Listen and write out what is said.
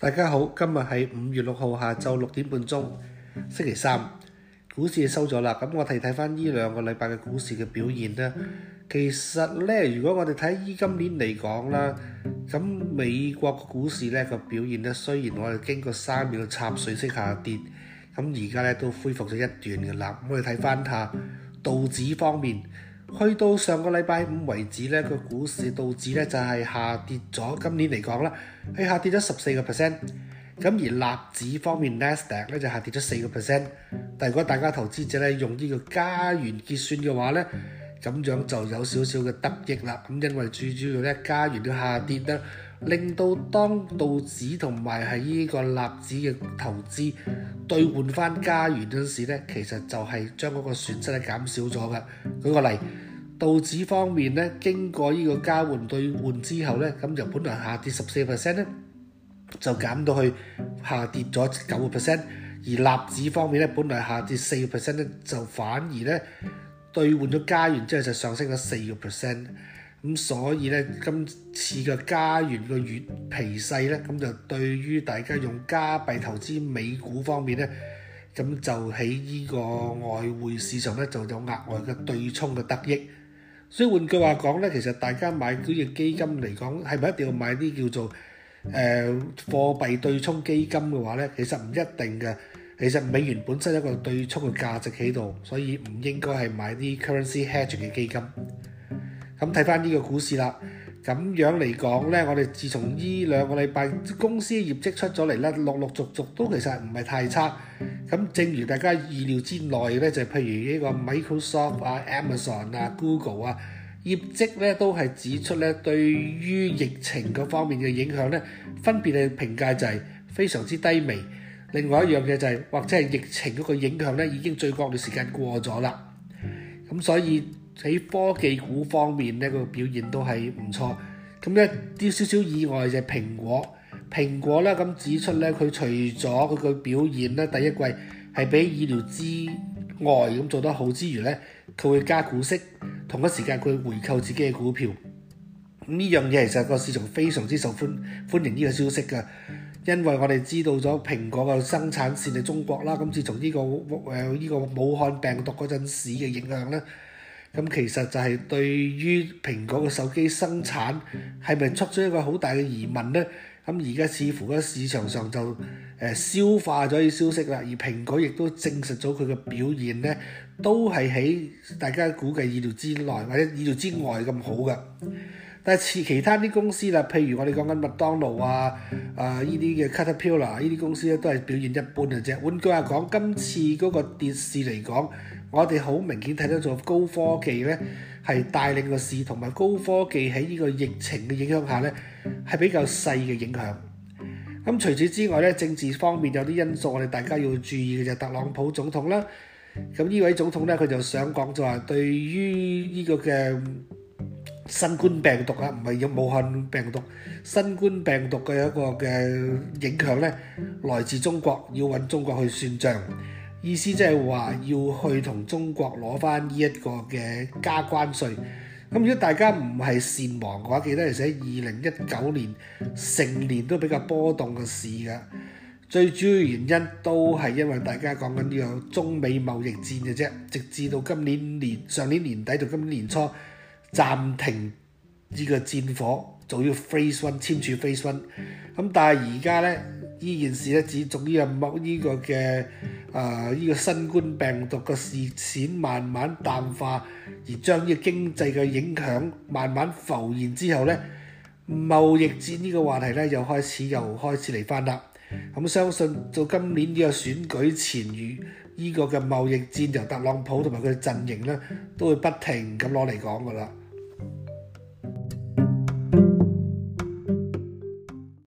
大家好，今日係五月六號下晝六點半鐘，星期三，股市收咗啦。咁我哋睇翻呢兩個禮拜嘅股市嘅表現啦。其實呢，如果我哋睇依今年嚟講啦，咁美國股市呢個表現呢，雖然我哋經過三秒插水式下跌，咁而家呢都恢復咗一段嘅啦。咁我哋睇翻下道指方面。去到上個禮拜五為止咧，個股市道指咧就係、是、下跌咗，今年嚟講啦，係下跌咗十四個 percent。咁而納指方面，Nasdaq 咧就下跌咗四個 percent。但如果大家投資者咧用呢個加元結算嘅話咧，咁樣就有少少嘅得益啦。咁因為最主要咧加元都下跌咧。令到當道指同埋係呢個納指嘅投資兌換翻加元嗰陣時咧，其實就係將嗰個損失咧減少咗嘅。舉個例，道指方面咧，經過呢個交換兌換之後咧，咁就本來下跌十四個 percent 咧，就減到去下跌咗九個 percent。而納指方面咧，本來下跌四個 percent 咧，就反而咧兌換咗加元之後就上升咗四個 percent。咁所以咧，今次嘅加元個月疲勢咧，咁就對於大家用加幣投資美股方面咧，咁就喺依個外匯市場咧就有額外嘅對沖嘅得益。所以換句話講咧，其實大家買嗰隻基金嚟講，係咪一定要買啲叫做誒貨幣對沖基金嘅話咧？其實唔一定嘅。其實美元本身有一個對沖嘅價值喺度，所以唔應該係買啲 currency hedge 嘅基金。咁睇翻呢個股市啦，咁樣嚟講呢，我哋自從呢兩個禮拜公司業績出咗嚟呢，陸陸續續都其實唔係太差。咁正如大家意料之內呢，就係、譬如呢個 Microsoft 啊、Amazon 啊、Google 啊業績呢都係指出呢對於疫情嗰方面嘅影響呢，分別嘅評價就係非常之低微。另外一樣嘢就係、係、或者係疫情嗰個影響呢已經最惡劣時間過咗啦。咁所以，喺科技股方面咧，個表現都係唔錯。咁咧，啲少少意外就係蘋果。蘋果咧咁指出咧，佢除咗佢個表現咧第一季係比意料之外咁做得好之餘咧，佢會加股息，同一時間佢會回購自己嘅股票。咁呢樣嘢其實個市場非常之受歡歡迎呢個消息㗎，因為我哋知道咗蘋果個生產線係中國啦。咁自從呢個誒呢個武漢病毒嗰陣時嘅影響咧。咁其實就係對於蘋果嘅手機生產係咪出咗一個好大嘅疑問呢？咁而家似乎喺市場上就誒消化咗啲消息啦，而蘋果亦都證實咗佢嘅表現呢，都係喺大家估計意料之內或者意料之外咁好嘅。但係似其他啲公司啦，譬如我哋講緊麥當勞啊，啊、呃、呢啲嘅 Caterpillar 呢啲公司咧都係表現一般嘅啫。換句話講，今次嗰個跌市嚟講，我哋好明顯睇得到高科技咧係帶領個市，同埋高科技喺呢個疫情嘅影響下咧係比較細嘅影響。咁除此之外咧，政治方面有啲因素，我哋大家要注意嘅就係、是、特朗普總統啦。咁呢位總統咧，佢就想講就係對於呢個嘅。新冠病毒啊，唔係要武漢病毒。新冠病毒嘅一個嘅影響咧，來自中國，要揾中國去算賬。意思即係話，要去同中國攞翻呢一個嘅加關稅。咁如果大家唔係善忘嘅話，記得係喺二零一九年成年都比較波動嘅事㗎。最主要原因都係因為大家講緊呢個中美貿易戰嘅啫，直至到今年年上年年底到今年年初，暫停呢個戰火，仲要 phase one 簽署 phase one，咁但係而家咧，依件事咧只終於係某呢個嘅誒呢個新冠病毒嘅事件慢慢淡化，而將呢個經濟嘅影響慢慢浮現之後咧，貿易戰呢個話題咧又開始又開始嚟翻啦。咁、嗯、相信到今年呢個選舉前與呢、這個嘅貿易戰，由特朗普同埋佢嘅陣營咧都會不停咁攞嚟講噶啦。